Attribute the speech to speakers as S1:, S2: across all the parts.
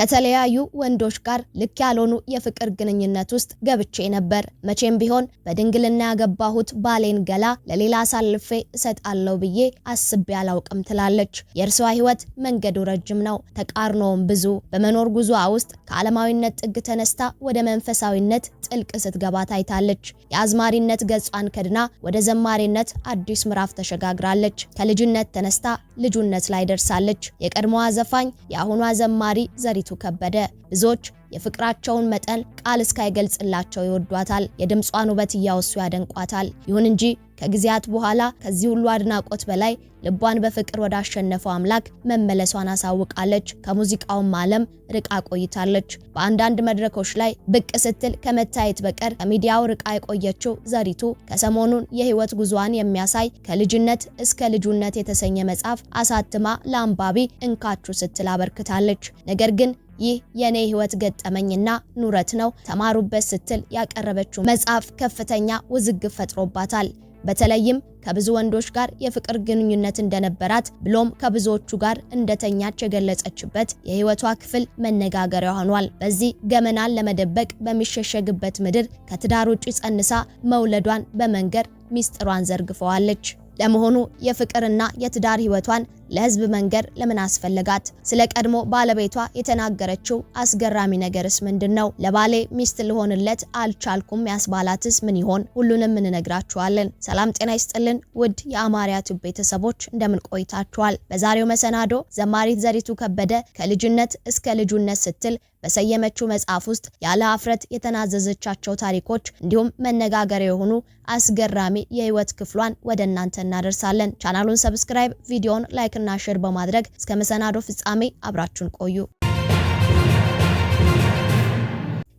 S1: ከተለያዩ ወንዶች ጋር ልክ ያልሆኑ የፍቅር ግንኙነት ውስጥ ገብቼ ነበር። መቼም ቢሆን በድንግልና ያገባሁት ባሌን ገላ ለሌላ አሳልፌ እሰጣለሁ ብዬ አስቤ አላውቅም ትላለች። የእርሷ ሕይወት መንገዱ ረጅም ነው፣ ተቃርኖውም ብዙ። በመኖር ጉዞ ውስጥ ከዓለማዊነት ጥግ ተነስታ ወደ መንፈሳዊነት ጥልቅ ስትገባ ታይታለች። የአዝማሪነት ገጿን ከድና ወደ ዘማሪነት አዲስ ምዕራፍ ተሸጋግራለች። ከልጅነት ተነስታ ልጁነት ላይ ደርሳለች። የቀድሞዋ ዘፋኝ የአሁኗ ዘማሪ ዘሪቱ ከበደ ብዙዎች የፍቅራቸውን መጠን ቃል እስካይገልጽላቸው ይወዷታል። የድምጿን ውበት እያወሱ ያደንቋታል። ይሁን እንጂ ከጊዜያት በኋላ ከዚህ ሁሉ አድናቆት በላይ ልቧን በፍቅር ወደ አሸነፈው አምላክ መመለሷን አሳውቃለች። ከሙዚቃውም ዓለም ርቃ ቆይታለች። በአንዳንድ መድረኮች ላይ ብቅ ስትል ከመታየት በቀር ከሚዲያው ርቃ የቆየችው ዘሪቱ ከሰሞኑን የህይወት ጉዟን የሚያሳይ ከልጅነት እስከ ልጁነት የተሰኘ መጽሐፍ አሳትማ ለአንባቢ እንካችሁ ስትል አበርክታለች። ነገር ግን ይህ የኔ ህይወት ገጠመኝና ኑረት ነው ተማሩበት ስትል ያቀረበችው መጽሐፍ ከፍተኛ ውዝግብ ፈጥሮባታል። በተለይም ከብዙ ወንዶች ጋር የፍቅር ግንኙነት እንደነበራት ብሎም ከብዙዎቹ ጋር እንደተኛች የገለጸችበት የህይወቷ ክፍል መነጋገሪያ ሆኗል። በዚህ ገመናን ለመደበቅ በሚሸሸግበት ምድር ከትዳር ውጭ ጸንሳ መውለዷን በመንገር ሚስጥሯን ዘርግፈዋለች። ለመሆኑ የፍቅርና የትዳር ህይወቷን ለህዝብ መንገር ለምን አስፈለጋት? ስለ ቀድሞ ባለቤቷ የተናገረችው አስገራሚ ነገርስ ምንድን ነው? ለባሌ ሚስት ልሆንለት አልቻልኩም ያስባላትስ ምን ይሆን? ሁሉንም እንነግራችኋለን። ሰላም ጤና ይስጥልን ውድ የአማርያ ቲዩብ ቤተሰቦች እንደምን ቆይታችኋል? በዛሬው መሰናዶ ዘማሪት ዘሪቱ ከበደ ከልጅነት እስከ ልጁነት ስትል በሰየመችው መጽሐፍ ውስጥ ያለ አፍረት የተናዘዘቻቸው ታሪኮች እንዲሁም መነጋገሪያ የሆኑ አስገራሚ የህይወት ክፍሏን ወደ እናንተ እናደርሳለን። ቻናሉን ሰብስክራይብ፣ ቪዲዮን ላይክ እና ሼር በማድረግ እስከ መሰናዶ ፍጻሜ አብራችሁን ቆዩ።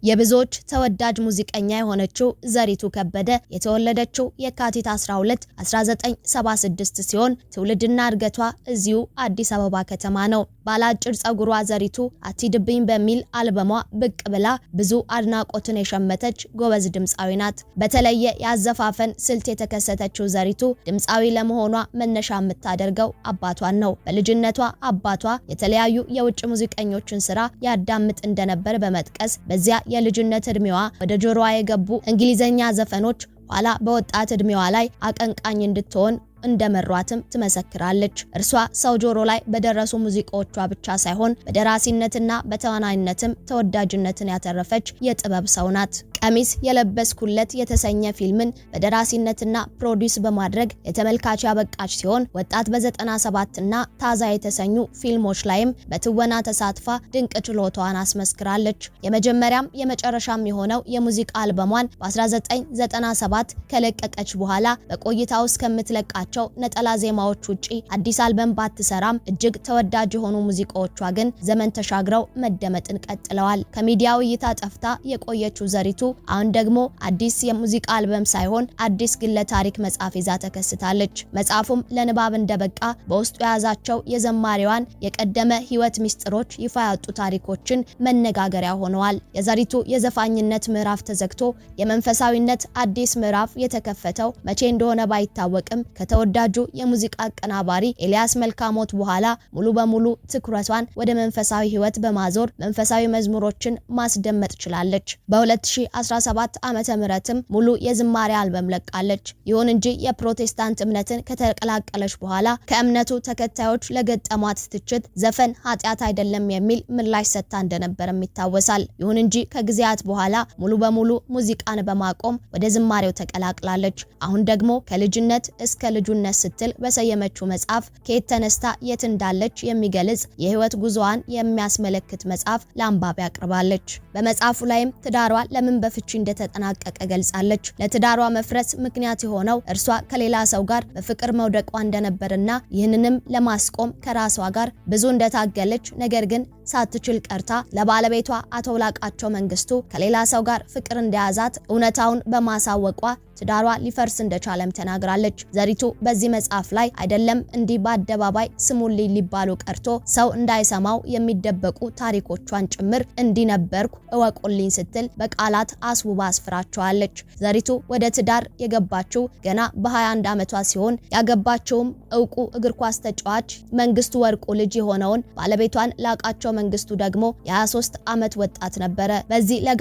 S2: የብዙዎች ተወዳጅ ሙዚቀኛ የሆነችው ዘሪቱ ከበደ የተወለደችው የካቲት 12 1976 ሲሆን ትውልድና እድገቷ እዚሁ አዲስ አበባ ከተማ ነው። ባለ ጸጉሯ ዘሪቱ አትሂድብኝ በሚል አልበሟ ብቅ ብላ ብዙ አድናቆትን የሸመተች ጎበዝ ድምፃዊ ናት። በተለየ የአዘፋፈን ስልት የተከሰተችው ዘሪቱ ድምፃዊ ለመሆኗ መነሻ የምታደርገው አባቷን ነው። በልጅነቷ አባቷ የተለያዩ የውጭ ሙዚቀኞችን ስራ ያዳምጥ እንደነበር በመጥቀስ በዚያ የልጅነት እድሜዋ ወደ ጆሮዋ የገቡ እንግሊዘኛ ዘፈኖች ኋላ በወጣት እድሜዋ ላይ አቀንቃኝ እንድትሆን እንደመሯትም ትመሰክራለች። እርሷ ሰው ጆሮ ላይ በደረሱ ሙዚቃዎቿ ብቻ ሳይሆን በደራሲነትና በተዋናይነትም ተወዳጅነትን ያተረፈች የጥበብ ሰው ናት። ቀሚስ የለበስኩለት የተሰኘ ፊልምን በደራሲነትና ፕሮዲስ በማድረግ ለተመልካች ያበቃች ሲሆን ወጣት በዘጠና ሰባት እና ታዛ የተሰኙ ፊልሞች ላይም በትወና ተሳትፋ ድንቅ ችሎታዋን አስመስክራለች። የመጀመሪያም የመጨረሻም የሆነው የሙዚቃ አልበሟን በ1997 ከለቀቀች በኋላ በቆይታ ውስጥ ከምትለቃቸው ነጠላ ዜማዎች ውጪ አዲስ አልበም ባትሰራም እጅግ ተወዳጅ የሆኑ ሙዚቃዎቿ ግን ዘመን ተሻግረው መደመጥን ቀጥለዋል። ከሚዲያው እይታ ጠፍታ የቆየችው ዘሪቱ አሁን ደግሞ አዲስ የሙዚቃ አልበም ሳይሆን አዲስ ግለ ታሪክ መጽሐፍ ይዛ ተከስታለች። መጽሐፉም ለንባብ እንደበቃ በውስጡ የያዛቸው የዘማሪዋን የቀደመ ሕይወት ሚስጥሮች ይፋ ያወጡ ታሪኮችን መነጋገሪያ ሆነዋል። የዘሪቱ የዘፋኝነት ምዕራፍ ተዘግቶ የመንፈሳዊነት አዲስ ምዕራፍ የተከፈተው መቼ እንደሆነ ባይታወቅም ከተወዳጁ የሙዚቃ አቀናባሪ ኤልያስ መልካሞት በኋላ ሙሉ በሙሉ ትኩረቷን ወደ መንፈሳዊ ሕይወት በማዞር መንፈሳዊ መዝሙሮችን ማስደመጥ ችላለች። በ2000 2017 ዓ.ም ሙሉ የዝማሬ አልበም ለቃለች። ይሁን እንጂ የፕሮቴስታንት እምነትን ከተቀላቀለች በኋላ ከእምነቱ ተከታዮች ለገጠሟት ትችት ዘፈን ኃጢአት አይደለም የሚል ምላሽ ሰጥታ እንደነበርም ይታወሳል። ይሁን እንጂ ከጊዜያት በኋላ ሙሉ በሙሉ ሙዚቃን በማቆም ወደ ዝማሬው ተቀላቅላለች። አሁን ደግሞ ከልጅነት እስከ ልጁነት ስትል በሰየመችው መጽሐፍ ከየት ተነስታ የት እንዳለች የሚገልጽ የህይወት ጉዞዋን የሚያስመለክት መጽሐፍ ለአንባቢ አቅርባለች። በመጽሐፉ ላይም ትዳሯ ለምን በ ፍቺ እንደተጠናቀቀ ገልጻለች። ለትዳሯ መፍረስ ምክንያት የሆነው እርሷ ከሌላ ሰው ጋር በፍቅር መውደቋ እንደነበርና ይህንንም ለማስቆም ከራሷ ጋር ብዙ እንደታገለች ነገር ግን ሳትችል ቀርታ ለባለቤቷ አቶ ላቃቸው መንግስቱ ከሌላ ሰው ጋር ፍቅር እንደያዛት እውነታውን በማሳወቋ ትዳሯ ሊፈርስ እንደቻለም ተናግራለች። ዘሪቱ በዚህ መጽሐፍ ላይ አይደለም እንዲህ በአደባባይ ስሙልኝ ሊባሉ ቀርቶ ሰው እንዳይሰማው የሚደበቁ ታሪኮቿን ጭምር እንዲነበርኩ እወቁልኝ ስትል በቃላት አስውባ አስፍራቸዋለች። ዘሪቱ ወደ ትዳር የገባችው ገና በ21 ዓመቷ ሲሆን ያገባቸውም እውቁ እግር ኳስ ተጫዋች መንግስቱ ወርቁ ልጅ የሆነውን ባለቤቷን ላቃቸው መንግስቱ ደግሞ የ23 ዓመት ወጣት ነበረ። በዚህ ለጋ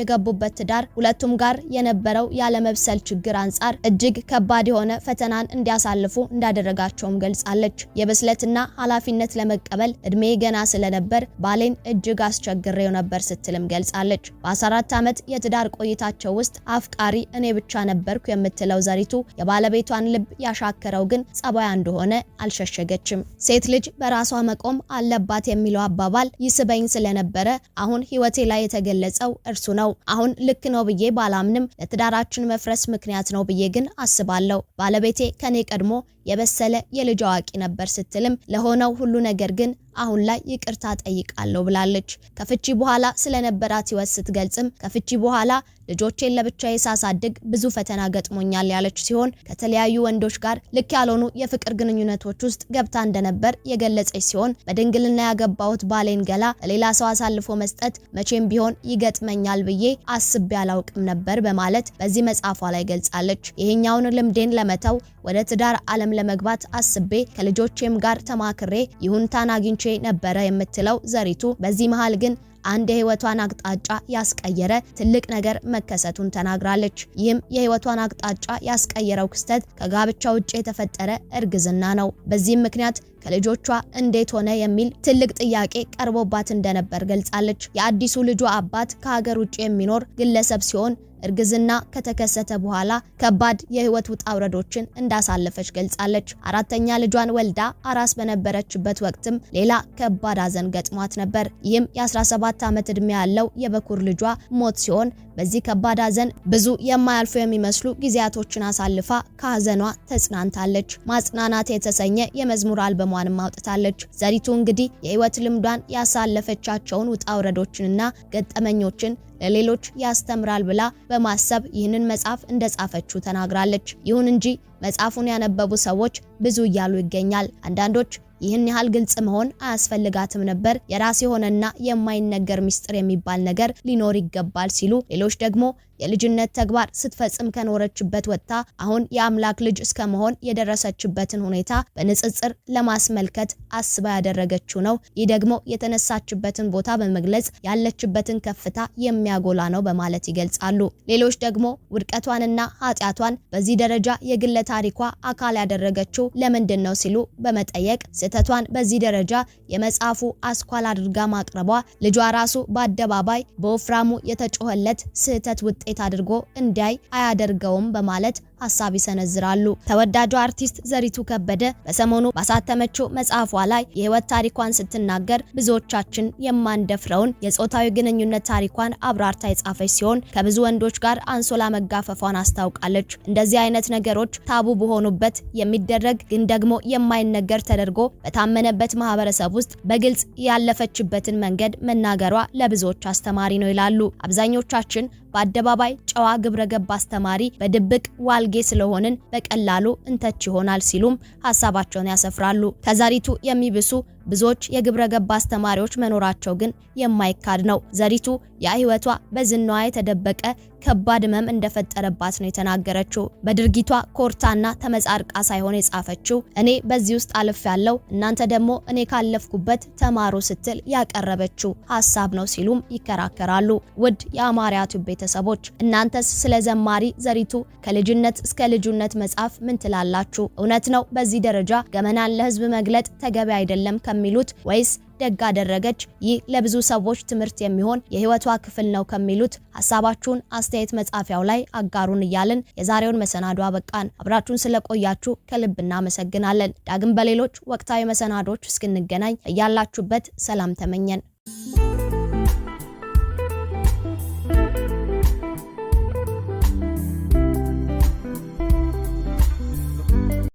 S2: የገቡበት ትዳር ሁለቱም ጋር የነበረው ያለመብሰል ችግር አንጻር እጅግ ከባድ የሆነ ፈተናን እንዲያሳልፉ እንዳደረጋቸውም ገልጻለች። የብስለትና ኃላፊነት ለመቀበል እድሜ ገና ስለነበር ባሌን እጅግ አስቸግሬው ነበር ስትልም ገልጻለች። በ14 ዓመት የትዳር ቆይታቸው ውስጥ አፍቃሪ እኔ ብቻ ነበርኩ የምትለው ዘሪቱ የባለቤቷን ልብ ያሻከረው ግን ጸባያ እንደሆነ አልሸሸገችም። ሴት ልጅ በራሷ መቆም አለባት የሚለው አባባል ይስበኝ ስለነበረ አሁን ሕይወቴ ላይ የተገለጸው እርሱ ነው። አሁን ልክ ነው ብዬ ባላምንም ለትዳራችን መፍረስ ምክንያት ነው ብዬ ግን አስባለሁ። ባለቤቴ ከኔ ቀድሞ የበሰለ የልጅ አዋቂ ነበር ስትልም ለሆነው ሁሉ ነገር ግን አሁን ላይ ይቅርታ ጠይቃለሁ ብላለች። ከፍቺ በኋላ ስለነበራት ህይወት ስትገልጽም ከፍቺ በኋላ ልጆቼን ለብቻዬ ሳሳድግ ብዙ ፈተና ገጥሞኛል ያለች ሲሆን ከተለያዩ ወንዶች ጋር ልክ ያልሆኑ የፍቅር ግንኙነቶች ውስጥ ገብታ እንደነበር የገለጸች ሲሆን በድንግልና ያገባሁት ባሌን ገላ ለሌላ ሰው አሳልፎ መስጠት መቼም ቢሆን ይገጥመኛል ብዬ አስቤ አላውቅም ነበር በማለት በዚህ መጽሐፏ ላይ ገልጻለች። ይሄኛውን ልምዴን ለመተው ወደ ትዳር ዓለም ለመግባት አስቤ ከልጆቼም ጋር ተማክሬ ይሁንታን አግኝቼ ነበረ የምትለው ዘሪቱ በዚህ መሃል ግን አንድ የህይወቷን አቅጣጫ ያስቀየረ ትልቅ ነገር መከሰቱን ተናግራለች። ይህም የህይወቷን አቅጣጫ ያስቀየረው ክስተት ከጋብቻ ውጭ የተፈጠረ እርግዝና ነው። በዚህም ምክንያት ከልጆቿ እንዴት ሆነ የሚል ትልቅ ጥያቄ ቀርቦባት እንደነበር ገልጻለች። የአዲሱ ልጇ አባት ከሀገር ውጭ የሚኖር ግለሰብ ሲሆን እርግዝና ከተከሰተ በኋላ ከባድ የህይወት ውጣ ውረዶችን እንዳሳለፈች ገልጻለች። አራተኛ ልጇን ወልዳ አራስ በነበረችበት ወቅትም ሌላ ከባድ ሐዘን ገጥሟት ነበር። ይህም የ17 ዓመት ዕድሜ ያለው የበኩር ልጇ ሞት ሲሆን በዚህ ከባድ ሐዘን ብዙ የማያልፉ የሚመስሉ ጊዜያቶችን አሳልፋ ከሐዘኗ ተጽናንታለች። ማጽናናት የተሰኘ የመዝሙር አልበሟንም አውጥታለች። ዘሪቱ እንግዲህ የህይወት ልምዷን ያሳለፈቻቸውን ውጣ ውረዶችንና ገጠመኞችን ለሌሎች ያስተምራል ብላ በማሰብ ይህንን መጽሐፍ እንደጻፈችው ተናግራለች። ይሁን እንጂ መጽሐፉን ያነበቡ ሰዎች ብዙ እያሉ ይገኛል። አንዳንዶች ይህን ያህል ግልጽ መሆን አያስፈልጋትም ነበር፣ የራስ የሆነና የማይነገር ምስጢር የሚባል ነገር ሊኖር ይገባል ሲሉ፣ ሌሎች ደግሞ የልጅነት ተግባር ስትፈጽም ከኖረችበት ወጥታ አሁን የአምላክ ልጅ እስከመሆን የደረሰችበትን ሁኔታ በንጽጽር ለማስመልከት አስባ ያደረገችው ነው። ይህ ደግሞ የተነሳችበትን ቦታ በመግለጽ ያለችበትን ከፍታ የሚያጎላ ነው በማለት ይገልጻሉ። ሌሎች ደግሞ ውድቀቷንና ኃጢአቷን በዚህ ደረጃ የግለ ታሪኳ አካል ያደረገችው ለምንድን ነው ሲሉ በመጠየቅ ስህተቷን በዚህ ደረጃ የመጽሐፉ አስኳል አድርጋ ማቅረቧ ልጇ ራሱ በአደባባይ በወፍራሙ የተጮኸለት ስህተት ውጤት ውጤት አድርጎ እንዲያይ አያደርገውም በማለት ሀሳብ ይሰነዝራሉ። ተወዳጇ አርቲስት ዘሪቱ ከበደ በሰሞኑ ባሳተመችው መጽሐፏ ላይ የህይወት ታሪኳን ስትናገር ብዙዎቻችን የማንደፍረውን የጾታዊ ግንኙነት ታሪኳን አብራርታ የጻፈች ሲሆን ከብዙ ወንዶች ጋር አንሶላ መጋፈፏን አስታውቃለች። እንደዚህ አይነት ነገሮች ታቡ በሆኑበት የሚደረግ ግን ደግሞ የማይነገር ተደርጎ በታመነበት ማህበረሰብ ውስጥ በግልጽ ያለፈችበትን መንገድ መናገሯ ለብዙዎች አስተማሪ ነው ይላሉ። አብዛኞቻችን በአደባባይ ጨዋ ግብረገብ አስተማሪ፣ በድብቅ ዋል አሮጌ ስለሆንን በቀላሉ እንተች ይሆናል ሲሉም ሀሳባቸውን ያሰፍራሉ። ከዛሪቱ የሚብሱ ብዙዎች የግብረ ገብ አስተማሪዎች መኖራቸው ግን የማይካድ ነው። ዘሪቱ የህይወቷ በዝናዋ የተደበቀ ከባድ ህመም እንደፈጠረባት ነው የተናገረችው። በድርጊቷ ኮርታና ተመጻድቃ ሳይሆን የጻፈችው እኔ በዚህ ውስጥ አልፍ ያለው እናንተ ደግሞ እኔ ካለፍኩበት ተማሩ ስትል ያቀረበችው ሀሳብ ነው ሲሉም ይከራከራሉ። ውድ የአማርያ ቲዩብ ቤተሰቦች እናንተስ ስለ ዘማሪ ዘሪቱ ከልጅነት እስከ ልጁነት መጻፍ ምን ትላላችሁ? እውነት ነው በዚህ ደረጃ ገመናን ለህዝብ መግለጥ ተገቢ አይደለም ከሚሉት ወይስ ደግ አደረገች፣ ይህ ለብዙ ሰዎች ትምህርት የሚሆን የህይወቷ ክፍል ነው ከሚሉት ሀሳባችሁን አስተያየት መጻፊያው ላይ አጋሩን እያልን የዛሬውን መሰናዶ አበቃን። አብራችሁን ስለቆያችሁ ከልብ እናመሰግናለን። ዳግም በሌሎች ወቅታዊ መሰናዶች እስክንገናኝ እያላችሁበት ሰላም ተመኘን።